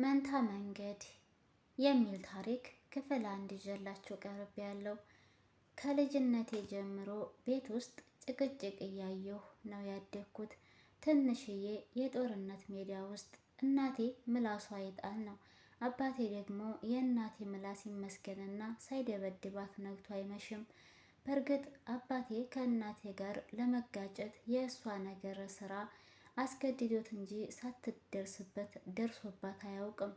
መንታ መንገድ የሚል ታሪክ ክፍል አንድ ይዤላችሁ ቀርብ ያለው ከልጅነቴ ጀምሮ ቤት ውስጥ ጭቅጭቅ እያየሁ ነው ያደግኩት። ትንሽዬ የጦርነት ሜዳ ውስጥ እናቴ ምላሷ ይጣል ነው፣ አባቴ ደግሞ የእናቴ ምላስ ይመስገንና ሳይደበድባት ነግቶ አይመሽም። በእርግጥ አባቴ ከእናቴ ጋር ለመጋጨት የእሷ ነገር ስራ አስገድዶት እንጂ ሳትደርስበት ደርሶባት አያውቅም።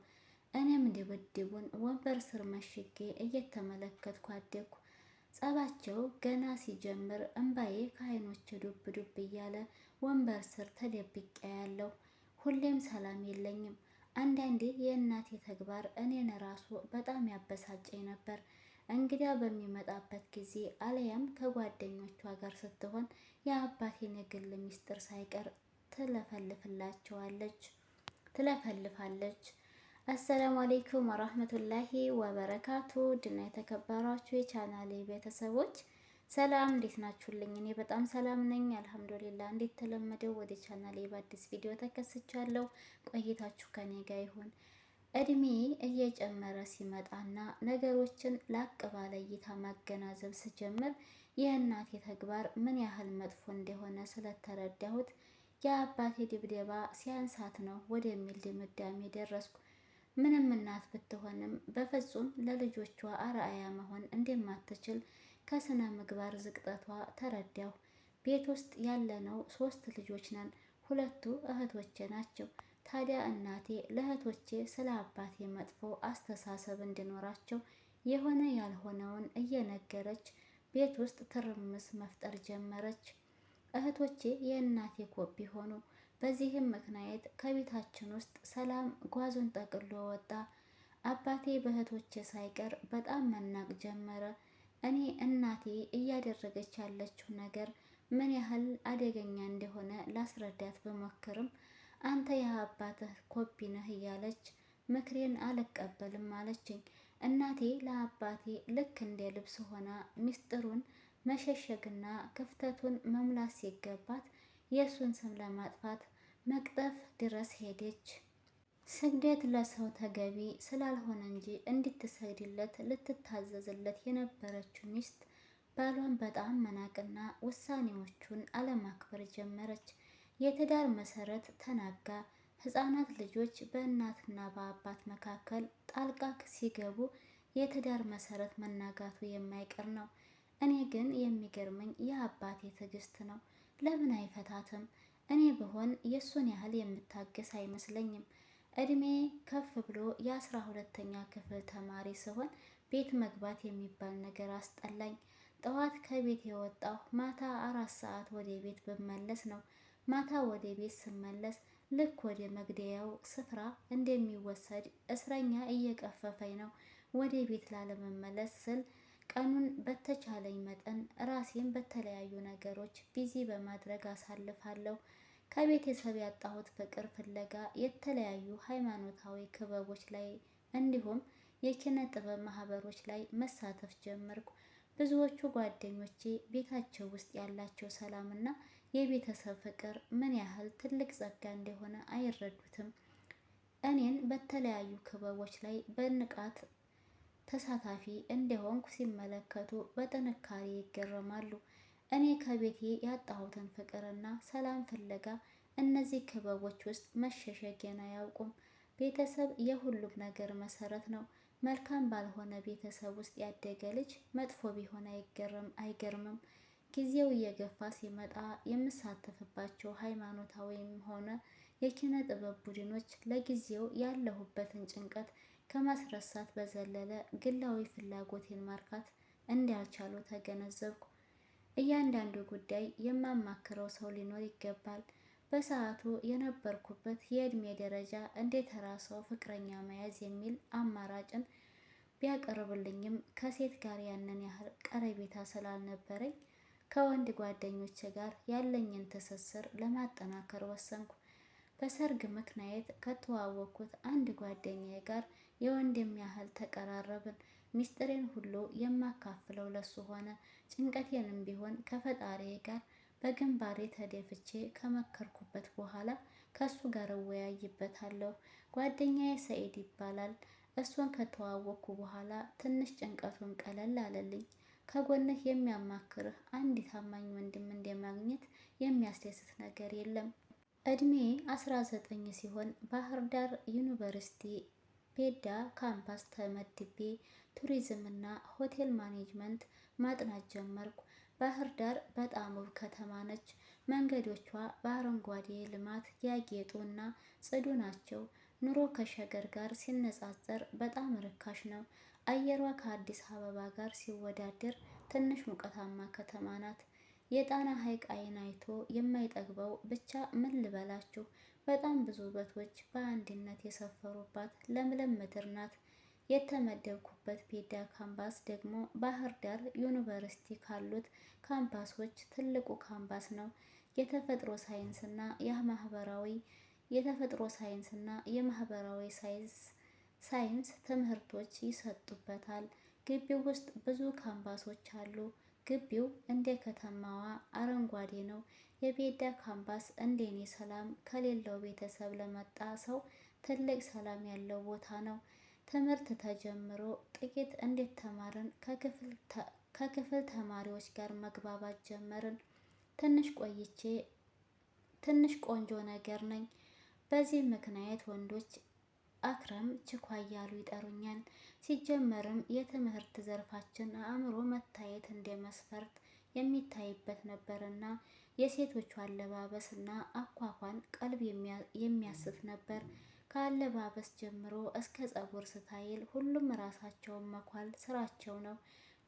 እኔም ድብድቡን ወንበር ስር መሽጌ እየተመለከትኩ አደግኩ። ጸባቸው ገና ሲጀምር እምባዬ ከአይኖች ዱብ ዱብ እያለ ወንበር ስር ተደብቄ ያለው ሁሌም ሰላም የለኝም። አንዳንዴ የእናቴ ተግባር እኔን ራሱ በጣም ያበሳጨኝ ነበር። እንግዳ በሚመጣበት ጊዜ አለያም ከጓደኞቿ ጋር ስትሆን የአባቴን የግል ሚስጥር ሳይቀር ትለፈልፍላቸዋለች ትለፈልፋለች። አሰላሙ አሌይኩም ወራህመቱላሂ ወበረካቱ ድና የተከበራችሁ የቻናሌ ቤተሰቦች ሰላም እንዴት ናችሁልኝ? እኔ በጣም ሰላም ነኝ አልሐምዱሊላ። እንዴት ተለመደው ወደ ቻናሌ በአዲስ ቪዲዮ ተከስቻለሁ። ቆይታችሁ ከኔ ጋር ይሁን። እድሜ እየጨመረ ሲመጣና ነገሮችን ላቅ ባለ እይታ ማገናዘብ ስጀምር የእናቴ ተግባር ምን ያህል መጥፎ እንደሆነ ስለተረዳሁት የአባቴ ድብደባ ሲያንሳት ነው ወደሚል ድምዳሜ ደረስኩ። ምንም እናት ብትሆንም በፍጹም ለልጆቿ አርአያ መሆን እንደማትችል ከስነ ምግባር ዝቅጠቷ ተረዳሁ። ቤት ውስጥ ያለነው ሶስት ልጆች ነን። ሁለቱ እህቶቼ ናቸው። ታዲያ እናቴ ለእህቶቼ ስለ አባቴ መጥፎ አስተሳሰብ እንዲኖራቸው የሆነ ያልሆነውን እየነገረች ቤት ውስጥ ትርምስ መፍጠር ጀመረች። እህቶቼ የእናቴ ኮፒ ሆኑ። በዚህም ምክንያት ከቤታችን ውስጥ ሰላም ጓዙን ጠቅሎ ወጣ። አባቴ በእህቶቼ ሳይቀር በጣም መናቅ ጀመረ። እኔ እናቴ እያደረገች ያለችው ነገር ምን ያህል አደገኛ እንደሆነ ላስረዳት ብሞክርም አንተ የአባትህ ኮፒ ነህ እያለች ምክሬን አልቀበልም አለችኝ። እናቴ ለአባቴ ልክ እንደ ልብስ ሆና ሚስጥሩን መሸሸግና ክፍተቱን መሙላት ሲገባት የእሱን ስም ለማጥፋት መቅጠፍ ድረስ ሄደች። ስግደት ለሰው ተገቢ ስላልሆነ እንጂ እንድትሰግድለት ልትታዘዝለት የነበረችው ሚስት ባሏን በጣም መናቅና ውሳኔዎቹን አለማክበር ጀመረች። የትዳር መሰረት ተናጋ። ህፃናት ልጆች በእናትና በአባት መካከል ጣልቃ ሲገቡ የትዳር መሰረት መናጋቱ የማይቀር ነው። እኔ ግን የሚገርመኝ የአባቴ ትዕግስት ነው። ለምን አይፈታትም? እኔ ብሆን የእሱን ያህል የምታገስ አይመስለኝም። እድሜ ከፍ ብሎ የአስራ ሁለተኛ ክፍል ተማሪ ስሆን ቤት መግባት የሚባል ነገር አስጠላኝ። ጠዋት ከቤት የወጣሁ ማታ አራት ሰዓት ወደ ቤት ብመለስ ነው። ማታ ወደ ቤት ስመለስ ልክ ወደ መግደያው ስፍራ እንደሚወሰድ እስረኛ እየቀፈፈኝ ነው። ወደ ቤት ላለመመለስ ስል ቀኑን በተቻለኝ መጠን ራሴን በተለያዩ ነገሮች ቢዚ በማድረግ አሳልፋለሁ። ከቤተሰብ ያጣሁት ፍቅር ፍለጋ የተለያዩ ሃይማኖታዊ ክበቦች ላይ እንዲሁም የኪነ ጥበብ ማህበሮች ላይ መሳተፍ ጀመርኩ። ብዙዎቹ ጓደኞቼ ቤታቸው ውስጥ ያላቸው ሰላምና የቤተሰብ ፍቅር ምን ያህል ትልቅ ጸጋ እንደሆነ አይረዱትም። እኔን በተለያዩ ክበቦች ላይ በንቃት ተሳታፊ እንደሆንኩ ሲመለከቱ በጥንካሬ ይገረማሉ። እኔ ከቤቴ ያጣሁትን ፍቅርና ሰላም ፍለጋ እነዚህ ክበቦች ውስጥ መሸሸጌን አያውቁም። ቤተሰብ የሁሉም ነገር መሰረት ነው። መልካም ባልሆነ ቤተሰብ ውስጥ ያደገ ልጅ መጥፎ ቢሆን አይገርምም። ጊዜው እየገፋ ሲመጣ የምሳተፍባቸው ሃይማኖታዊም ሆነ የኪነ ጥበብ ቡድኖች ለጊዜው ያለሁበትን ጭንቀት ከማስረሳት በዘለለ ግላዊ ፍላጎቴን ማርካት እንዳልቻሉ ተገነዘብኩ። እያንዳንዱ ጉዳይ የማማክረው ሰው ሊኖር ይገባል። በሰዓቱ የነበርኩበት የእድሜ ደረጃ እንደ ተራሰው ሰው ፍቅረኛ መያዝ የሚል አማራጭን ቢያቀርብልኝም ከሴት ጋር ያንን ያህል ቀረቤታ ስላልነበረኝ ከወንድ ጓደኞቼ ጋር ያለኝን ትስስር ለማጠናከር ወሰንኩ። በሰርግ ምክንያት ከተዋወቅኩት አንድ ጓደኛዬ ጋር የወንድም ያህል ተቀራረብን። ሚስጥሬን ሁሉ የማካፍለው ለሱ ሆነ። ጭንቀቴንም ቢሆን ከፈጣሪዬ ጋር በግንባሬ ተደፍቼ ከመከርኩበት በኋላ ከሱ ጋር እወያይበታለሁ። ጓደኛዬ ሰኢድ ይባላል። እሱን ከተዋወቅኩ በኋላ ትንሽ ጭንቀቱን ቀለል አለልኝ። ከጎንህ የሚያማክርህ አንድ ታማኝ ወንድም እንደማግኘት የሚያስደስት ነገር የለም። እድሜ 19 ሲሆን ባህር ዳር ዩኒቨርሲቲ ፔዳ ካምፓስ ተመድቤ ቱሪዝም እና ሆቴል ማኔጅመንት ማጥናት ጀመርኩ። ባህር ዳር በጣም ውብ ከተማ ነች። መንገዶቿ በአረንጓዴ ልማት ያጌጡ እና ጽዱ ናቸው። ኑሮ ከሸገር ጋር ሲነጻጸር በጣም ርካሽ ነው። አየሯ ከአዲስ አበባ ጋር ሲወዳደር ትንሽ ሙቀታማ ከተማ ናት። የጣና ሐይቅ አይን አይቶ የማይጠግበው ብቻ ምን ልበላችሁ በጣም ብዙ ውበቶች በአንድነት የሰፈሩባት ለምለም ምድር ናት። የተመደብኩበት ፔዳ ካምፓስ ደግሞ ባህር ዳር ዩኒቨርሲቲ ካሉት ካምፓሶች ትልቁ ካምፓስ ነው። የተፈጥሮ ሳይንስና የማህበራዊ የተፈጥሮ ሳይንስና የማህበራዊ ሳይንስ ሳይንስ ትምህርቶች ይሰጡበታል። ግቢው ውስጥ ብዙ ካምፓሶች አሉ። ግቢው እንደ ከተማዋ አረንጓዴ ነው። የቤዳ ካምፓስ እንደኔ ሰላም ከሌለው ቤተሰብ ለመጣ ሰው ትልቅ ሰላም ያለው ቦታ ነው። ትምህርት ተጀምሮ ጥቂት እንዴት ተማርን ከክፍል ተማሪዎች ጋር መግባባት ጀመርን። ትንሽ ቆይቼ ትንሽ ቆንጆ ነገር ነኝ። በዚህ ምክንያት ወንዶች አክረም ችኳ እያሉ ይጠሩኛል። ሲጀመርም የትምህርት ዘርፋችን አእምሮ መታየት እንደ መስፈርት የሚታይበት ነበርና የሴቶቹ አለባበስና አኳኋን ቀልብ የሚያስት ነበር። ከአለባበስ ጀምሮ እስከ ፀጉር ስታይል ሁሉም ራሳቸውን መኳል ስራቸው ነው።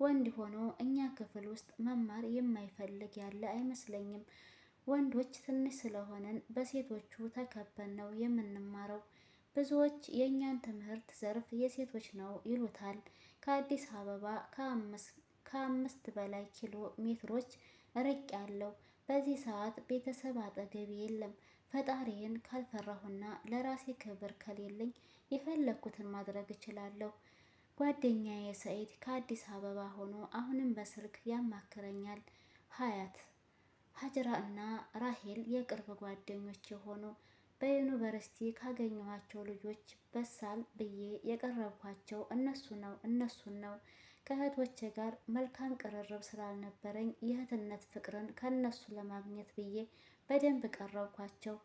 ወንድ ሆኖ እኛ ክፍል ውስጥ መማር የማይፈልግ ያለ አይመስለኝም። ወንዶች ትንሽ ስለሆነን በሴቶቹ ተከበን ነው የምንማረው። ብዙዎች የእኛን ትምህርት ዘርፍ የሴቶች ነው ይሉታል። ከአዲስ አበባ ከአምስት በላይ ኪሎ ሜትሮች ርቅ ያለው በዚህ ሰዓት ቤተሰብ አጠገብ የለም። ፈጣሪን ካልፈራሁና ለራሴ ክብር ከሌለኝ የፈለግኩትን ማድረግ እችላለሁ። ጓደኛዬ ሰኢድ ከአዲስ አበባ ሆኖ አሁንም በስልክ ያማክረኛል። ሀያት ሀጅራ እና ራሄል የቅርብ ጓደኞች የሆኑ በዩኒቨርሲቲ ካገኘኋቸው ልጆች በሳል ብዬ የቀረብኳቸው እነሱ ነው እነሱን ነው። ከእህቶቼ ጋር መልካም ቅርርብ ስላልነበረኝ የእህትነት ፍቅርን ከእነሱ ለማግኘት ብዬ በደንብ ቀረብኳቸው።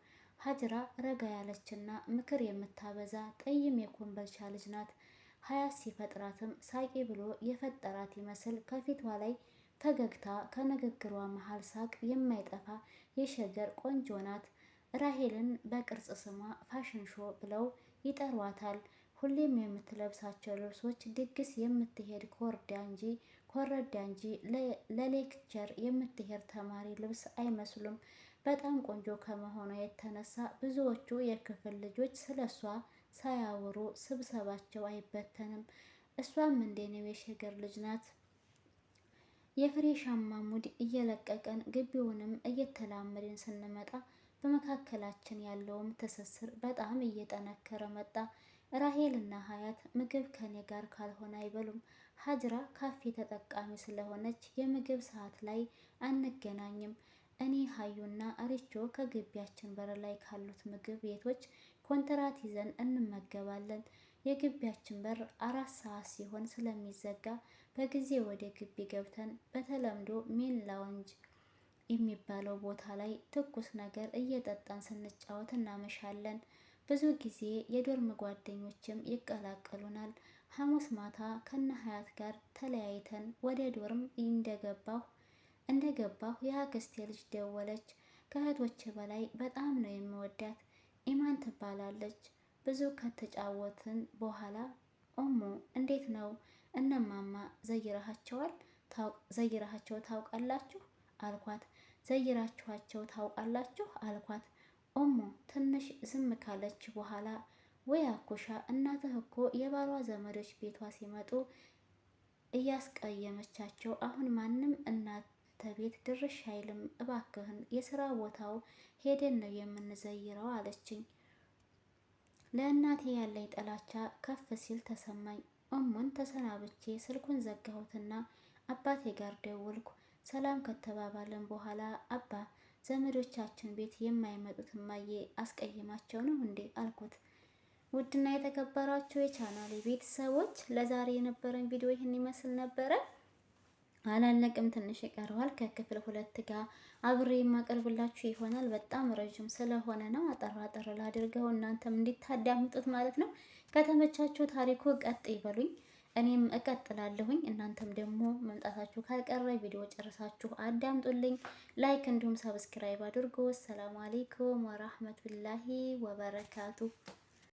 ሀጅራ ረጋ ያለችና ምክር የምታበዛ ጠይም የኮምበልቻ ልጅ ናት። ሀያት ሲፈጥራትም ሳቂ ብሎ የፈጠራት ይመስል ከፊቷ ላይ ፈገግታ ከንግግሯ መሀል ሳቅ የማይጠፋ የሸገር ቆንጆ ናት። ራሄልን በቅርጽ ስሟ ፋሽን ሾ ብለው ይጠሯታል። ሁሌም የምትለብሳቸው ልብሶች ድግስ የምትሄድ ኮርዳ እንጂ ኮረዳ እንጂ ለሌክቸር የምትሄድ ተማሪ ልብስ አይመስሉም። በጣም ቆንጆ ከመሆኗ የተነሳ ብዙዎቹ የክፍል ልጆች ስለሷ ሳያወሩ ስብሰባቸው አይበተንም። እሷም እንደኔው የሸገር ልጅ ናት። የፍሬሻማ ሙድ እየለቀቀን ግቢውንም እየተላመድን ስንመጣ በመካከላችን ያለውም ትስስር በጣም እየጠነከረ መጣ። ራሄል እና ሀያት ምግብ ከኔ ጋር ካልሆነ አይበሉም። ሀጅራ ካፌ ተጠቃሚ ስለሆነች የምግብ ሰዓት ላይ አንገናኝም። እኔ ሀዩና አሪቾ ከግቢያችን በር ላይ ካሉት ምግብ ቤቶች ኮንትራት ይዘን እንመገባለን። የግቢያችን በር አራት ሰዓት ሲሆን ስለሚዘጋ በጊዜ ወደ ግቢ ገብተን በተለምዶ ሜን ላውንጅ የሚባለው ቦታ ላይ ትኩስ ነገር እየጠጣን ስንጫወት እናመሻለን። ብዙ ጊዜ የዶርም ጓደኞችም ይቀላቀሉናል። ሐሙስ ማታ ከነ ሀያት ጋር ተለያይተን ወደ ዶርም እንደገባሁ እንደገባሁ የአክስቴ ልጅ ደወለች። ከእህቶቼ በላይ በጣም ነው የምወዳት። ኢማን ትባላለች። ብዙ ከተጫወትን በኋላ ኦሞ እንዴት ነው እነማማ ዘይረሃቸዋል ዘይራሃቸው ታውቃላችሁ አልኳት። ዘይራችኋቸው ታውቃላችሁ አልኳት። ኦሞ ትንሽ ዝም ካለች በኋላ ወይ አኩሻ እናትህ እኮ የባሏ ዘመዶች ቤቷ ሲመጡ እያስቀየመቻቸው አሁን ማንም እናተ ቤት ድርሽ አይልም። እባክህን የስራ ቦታው ሄደን ነው የምንዘይረው አለችኝ። ለእናቴ ያለኝ ጥላቻ ከፍ ሲል ተሰማኝ። እሙን ተሰናብቼ ስልኩን ዘጋሁትና አባቴ ጋር ደወልኩ። ሰላም ከተባባለን በኋላ አባ ዘመዶቻችን ቤት የማይመጡት እማዬ አስቀየማቸው ነው እንዴ አልኩት። ውድና የተከበራችሁ የቻናሌ ቤተሰቦች ለዛሬ የነበረን ቪዲዮ ይህን ይመስል ነበረ። አላለቅም ትንሽ ይቀረዋል። ከክፍል ሁለት ጋር አብሬ የማቀርብላችሁ ይሆናል። በጣም ረዥም ስለሆነ ነው አጠራ አጠር ላድርገው እናንተም እንዲታዳምጡት ማለት ነው። ከተመቻችሁ ታሪኩ ቀጥ ይበሉኝ። እኔም እቀጥላለሁኝ። እናንተም ደግሞ መምጣታችሁ ካልቀረ ቪዲዮ ጨርሳችሁ አዳምጡልኝ። ላይክ እንዲሁም ሰብስክራይብ አድርጎ። ሰላም አሌይኩም ወራህመቱላሂ ወበረካቱ